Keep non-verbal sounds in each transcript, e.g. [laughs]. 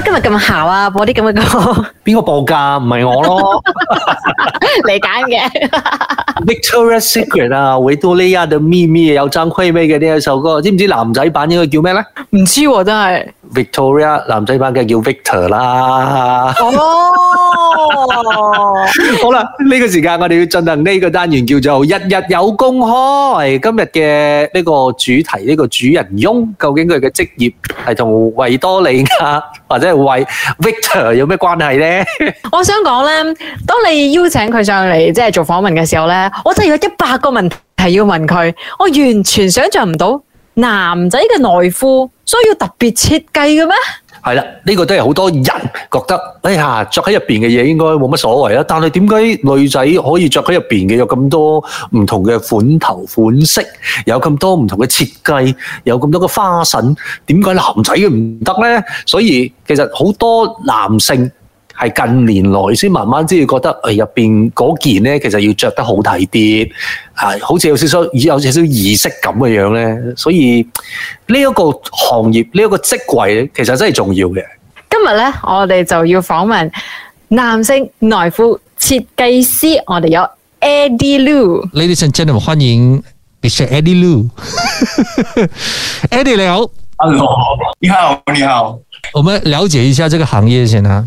今日咁姣啊，播啲咁嘅歌。邊個報價？唔係我咯，你揀嘅。Victoria Secret 啊，維多利亞嘅咪咪有爭 queen 尾嘅呢一首歌。知唔知男仔版應該叫咩咧？唔知喎，真係。Victoria 男仔版嘅叫 Victor 啦。哦。好啦，呢個時間我哋要進行呢個單元，叫做日日有公開。今日嘅呢個主題，呢個主人翁究竟佢嘅職業係同維多利亞或者？為 Victor 有咩關係呢？ [laughs] 我想講咧，當你邀請佢上嚟，即係做訪問嘅時候咧，我真係有一百個問題要問佢，我完全想象唔到男仔嘅內褲需要特別設計嘅咩？係啦，呢、這個都係好多人覺得，哎呀，著喺入面嘅嘢應該冇乜所謂啦。但係點解女仔可以着喺入面嘅有咁多唔同嘅款頭、款式，有咁多唔同嘅設計，有咁多嘅花紋？點解男仔嘅唔得呢？所以其實好多男性。係近年來先慢慢先至覺得入邊嗰件咧，其實要着得好睇啲，啊，好似有些少有些少有少少儀式感咁嘅樣咧。所以呢一個行業，呢一個職位，其實真係重要嘅。今日咧，我哋就要訪問男性內褲設計師，我哋有 Eddie Lu。Ladies and gentlemen，歡迎 Mr. Eddie Lu。 [laughs] Eddie 你好，hello，你好，你好。我們了解一下這個行業先啦。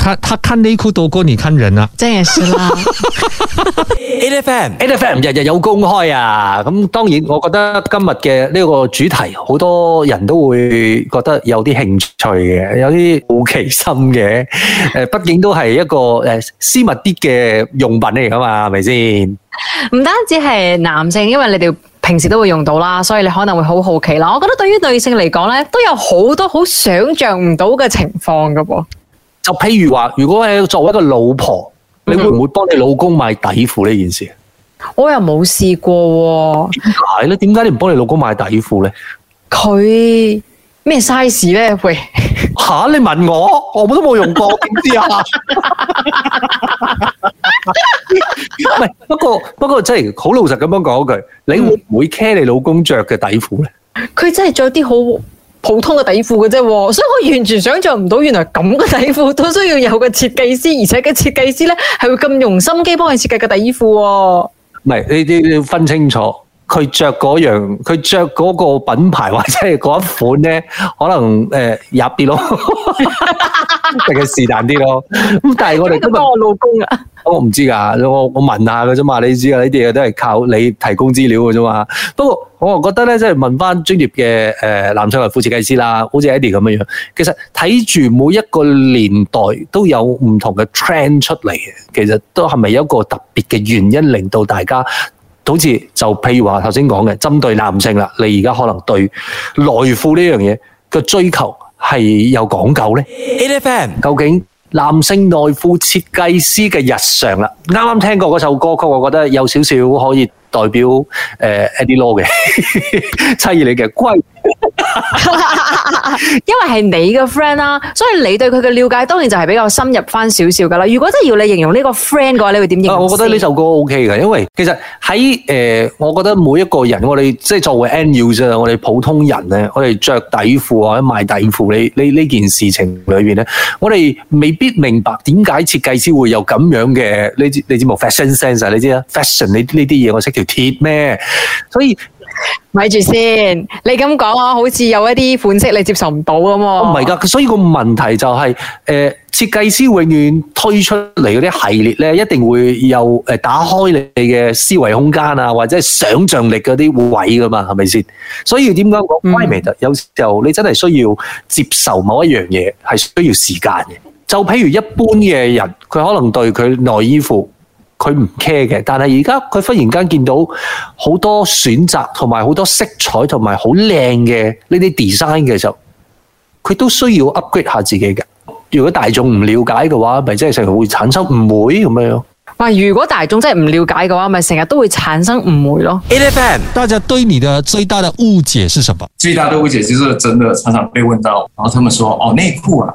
他他看內褲多過你看人啊，真係啦。Elephant Elephant 日日有公開啊，咁當然我覺得今日嘅呢個主題好多人都會覺得有啲興趣嘅，有啲好奇心嘅。誒，畢竟都係一個誒私密啲嘅用品嚟噶嘛，係咪先？唔單止係男性，因為你哋平時都會用到啦，所以你可能會好好奇啦。我覺得對於女性嚟講咧，都有好多好想象唔到嘅情況噶噃。就譬如話，如果你作為一個老婆，你會唔會幫你老公買底褲呢、嗯、件事？我又冇試過、啊，係咯？點解你唔幫你老公買底褲咧？佢咩 size 咧？喂，吓你問我，我都冇用過，點 [laughs] 知啊？唔 [laughs] 不過不過真係好老實咁樣講一句，嗯、你會唔會 care 你老公着嘅底褲咧？佢真係着啲好。普通嘅底褲嘅啫喎，所以我完全想象唔到原來咁嘅底褲都需要有個設計師，而且個設計師呢係會咁用心機幫你設計個底褲喎。唔係，呢啲要分清楚。佢着嗰樣，佢着嗰個品牌或者嗰一款咧，可能誒、呃、入啲咯，定 [laughs] 係是但啲咯。咁但係我哋都當我老公啊？我唔知㗎，我我問下㗎啫嘛，你知啊？呢啲嘢都係靠你提供資料㗎啫嘛。不過我又覺得咧，即係問翻專業嘅誒男裝內褲設計師啦，好似 Eddie 咁樣樣。其實睇住每一個年代都有唔同嘅 trend 出嚟，其實都係咪一個特別嘅原因令到大家？好似就譬如話頭先講嘅，針對男性啦，你而家可能對內褲呢樣嘢嘅追求係有講究咧？究竟男性內褲設計師嘅日常啦，啱啱聽過嗰首歌曲，我覺得有少少可以。代表誒 Eddie Law 嘅妻兒你嘅， [laughs] 因為因為係你嘅 friend 啦，所以你對佢嘅了解當然就係比較深入翻少少噶啦。如果真係要你形容呢個 friend 嘅話，你會點形容？我覺得呢首歌 OK 嘅，因為其實喺誒、呃，我覺得每一個人，我哋即係作為 end user 啫，我哋普通人咧，我哋着底褲或者賣底褲，呢呢呢件事情裏面咧，我哋未必明白點解設計師會有咁樣嘅呢？你知冇 fashion sense？你知啦，fashion 呢呢啲嘢我識。條鐵咩？所以，咪住先。你咁講，我好似有一啲款式你接受唔到咁喎。唔係噶，所以個問題就係，誒，設計師永遠推出嚟嗰啲系列咧，一定會有誒打開你嘅思維空間啊，或者係想象力嗰啲位噶嘛，係咪先？所以點解我，威唔得？有時候你真係需要接受某一樣嘢，係需要時間嘅。就譬如一般嘅人，佢可能對佢內衣褲。佢唔 care 嘅，但係而家佢忽然間見到好多選擇同埋好多色彩同埋好靚嘅呢啲 design 嘅時候，佢都需要 upgrade 下自己嘅。如果大眾唔了解嘅話，咪即係成日會產生誤會咁樣咯。哇！如果大眾真係唔了解嘅話，咪成日都會產生誤會咯。Elephant，大家對你嘅最大嘅誤解是什麼？最大嘅誤解就是真的常常被問到，然後他們說：哦，內褲啊！